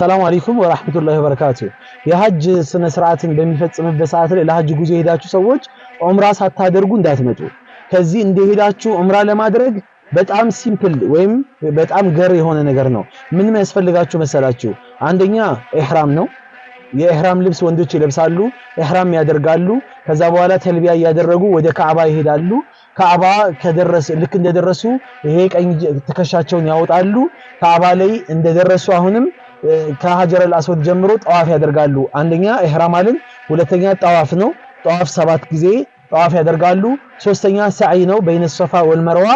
ሰላም አለይኩም ወራህመቱላሂ ወበረካቱ። የሐጅ ስነ ስርዓትን በሚፈጽምበት ሰዓት ላይ ለሐጅ ጉዞ የሄዳችሁ ሰዎች ዑምራ ሳታደርጉ እንዳትመጡ። ከዚህ እንደሄዳችሁ ዑምራ ለማድረግ በጣም ሲምፕል ወይም በጣም ገር የሆነ ነገር ነው። ምን ያስፈልጋችሁ መሰላችሁ? አንደኛ ኢህራም ነው። የኢህራም ልብስ ወንዶች ይለብሳሉ፣ ኢህራም ያደርጋሉ። ከዛ በኋላ ተልቢያ እያደረጉ ወደ ካዕባ ይሄዳሉ። ካዕባ ከደረሰ ልክ እንደደረሱ ይሄ ቀኝ ትከሻቸውን ያወጣሉ። ካዕባ ላይ እንደደረሱ አሁንም ከሀጀረል አስወድ ጀምሮ ጠዋፍ ያደርጋሉ። አንደኛ ኢህራም አለን፣ ሁለተኛ ጠዋፍ ነው። ጠዋፍ ሰባት ጊዜ ጠዋፍ ያደርጋሉ። ሶስተኛ ሰዓይ ነው። በይነ ሶፋ ወል መርዋ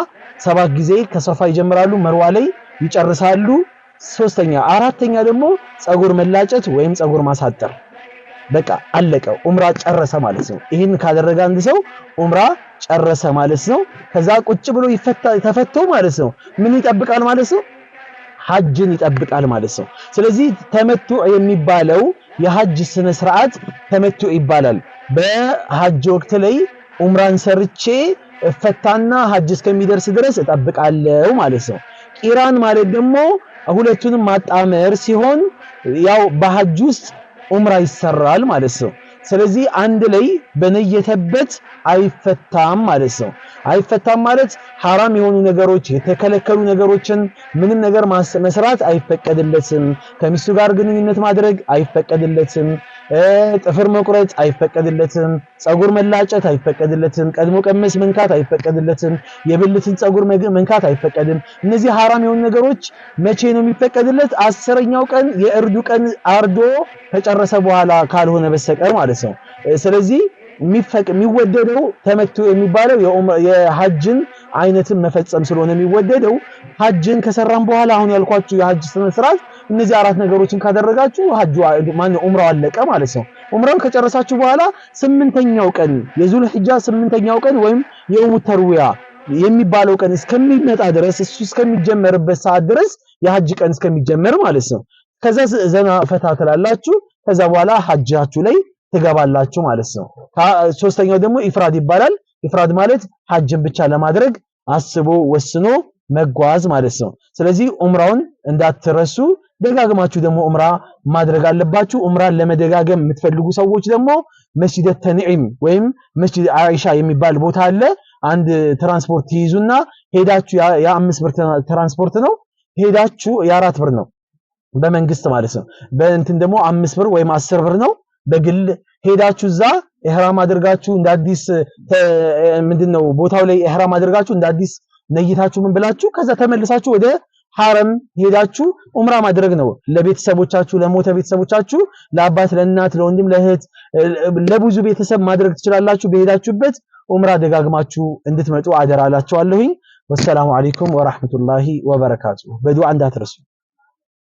ሰባት ጊዜ ከሶፋ ይጀምራሉ፣ መርዋ ላይ ይጨርሳሉ። ሶስተኛ አራተኛ ደግሞ ፀጉር መላጨት ወይም ፀጉር ማሳጠር። በቃ አለቀ፣ ኡምራ ጨረሰ ማለት ነው። ይህን ካደረገ አንድ ሰው ኡምራ ጨረሰ ማለት ነው። ከዛ ቁጭ ብሎ ተፈቶ ማለት ነው። ምን ይጠብቃል ማለት ነው? ሐጅን ይጠብቃል ማለት ነው። ስለዚህ ተመቱዕ የሚባለው የሐጅ ስነ ስርዓት ተመቱዕ ይባላል። በሐጅ ወቅት ላይ ዑምራን ሰርቼ እፈታና ሐጅ እስከሚደርስ ድረስ እጠብቃለሁ ማለት ነው። ቂራን ማለት ደግሞ ሁለቱንም ማጣመር ሲሆን ያው በሐጅ ውስጥ ዑምራ ይሰራል ማለት ነው። ስለዚህ አንድ ላይ በነየተበት አይፈታም ማለት ነው። አይፈታም ማለት ሐራም የሆኑ ነገሮች የተከለከሉ ነገሮችን ምንም ነገር መስራት አይፈቀድለትም። ከሚስቱ ጋር ግንኙነት ማድረግ አይፈቀድለትም። ጥፍር መቁረጥ አይፈቀድለትም። ፀጉር መላጨት አይፈቀድለትም። ቀድሞ ቀመስ መንካት አይፈቀድለትም። የብልትን ፀጉር መንካት አይፈቀድም። እነዚህ ሐራም የሆኑ ነገሮች መቼ ነው የሚፈቀድለት? አስረኛው ቀን የእርዱ ቀን አርዶ ከጨረሰ በኋላ ካልሆነ በስተቀር ማለት ነው። ስለዚህ የሚወደደው ተመቶ የሚባለው የሀጅን አይነትን መፈጸም ስለሆነ የሚወደደው ሀጅን ከሰራን በኋላ አሁን ያልኳችሁ የሀጅ ስነ ስርዓት እነዚህ አራት ነገሮችን ካደረጋችሁ ሀጁ ማን ዑምራው አለቀ ማለት ነው። ዑምራውን ከጨረሳችሁ በኋላ ስምንተኛው ቀን የዙል ሂጃ ስምንተኛው ቀን ወይም የውሙ ተርዊያ የሚባለው ቀን እስከሚመጣ ድረስ እሱ እስከሚጀመርበት ሰዓት ድረስ የሐጅ ቀን እስከሚጀመር ማለት ነው። ከዛ ዘና ፈታ ትላላችሁ። ከዛ በኋላ ሀጃችሁ ላይ ትገባላችሁ ማለት ነው። ሶስተኛው ደግሞ ኢፍራድ ይባላል። ኢፍራድ ማለት ሐጅን ብቻ ለማድረግ አስቦ ወስኖ መጓዝ ማለት ነው። ስለዚህ ዑምራውን እንዳትረሱ፣ ደጋግማችሁ ደግሞ ኡምራ ማድረግ አለባችሁ። ኡምራን ለመደጋገም የምትፈልጉ ሰዎች ደግሞ መስጂደ ተንዒም ወይም መስጂድ አይሻ የሚባል ቦታ አለ። አንድ ትራንስፖርት ይይዙና ሄዳችሁ የአምስት ብር ትራንስፖርት ነው ሄዳችሁ የአራት ብር ነው በመንግስት ማለት ነው። በእንትን ደግሞ አምስት ብር ወይም አስር ብር ነው በግል ሄዳችሁ እዛ ኢህራም አድርጋችሁ እንደ አዲስ ምንድነው ቦታው ላይ ኢህራም አድርጋችሁ እንደ አዲስ ነይታችሁ ምን ብላችሁ ከዛ ተመልሳችሁ ወደ ሐረም ሄዳችሁ ዑምራ ማድረግ ነው። ለቤተሰቦቻችሁ ለሞተ ቤተሰቦቻችሁ፣ ለአባት፣ ለእናት፣ ለወንድም፣ ለእህት፣ ለብዙ ቤተሰብ ማድረግ ትችላላችሁ። በሄዳችሁበት ዑምራ ደጋግማችሁ እንድትመጡ አደራ ወሰላሙ አለይኩም ወራህመቱላሂ ወበረካቱ። በዱዓ እንዳትረሱ።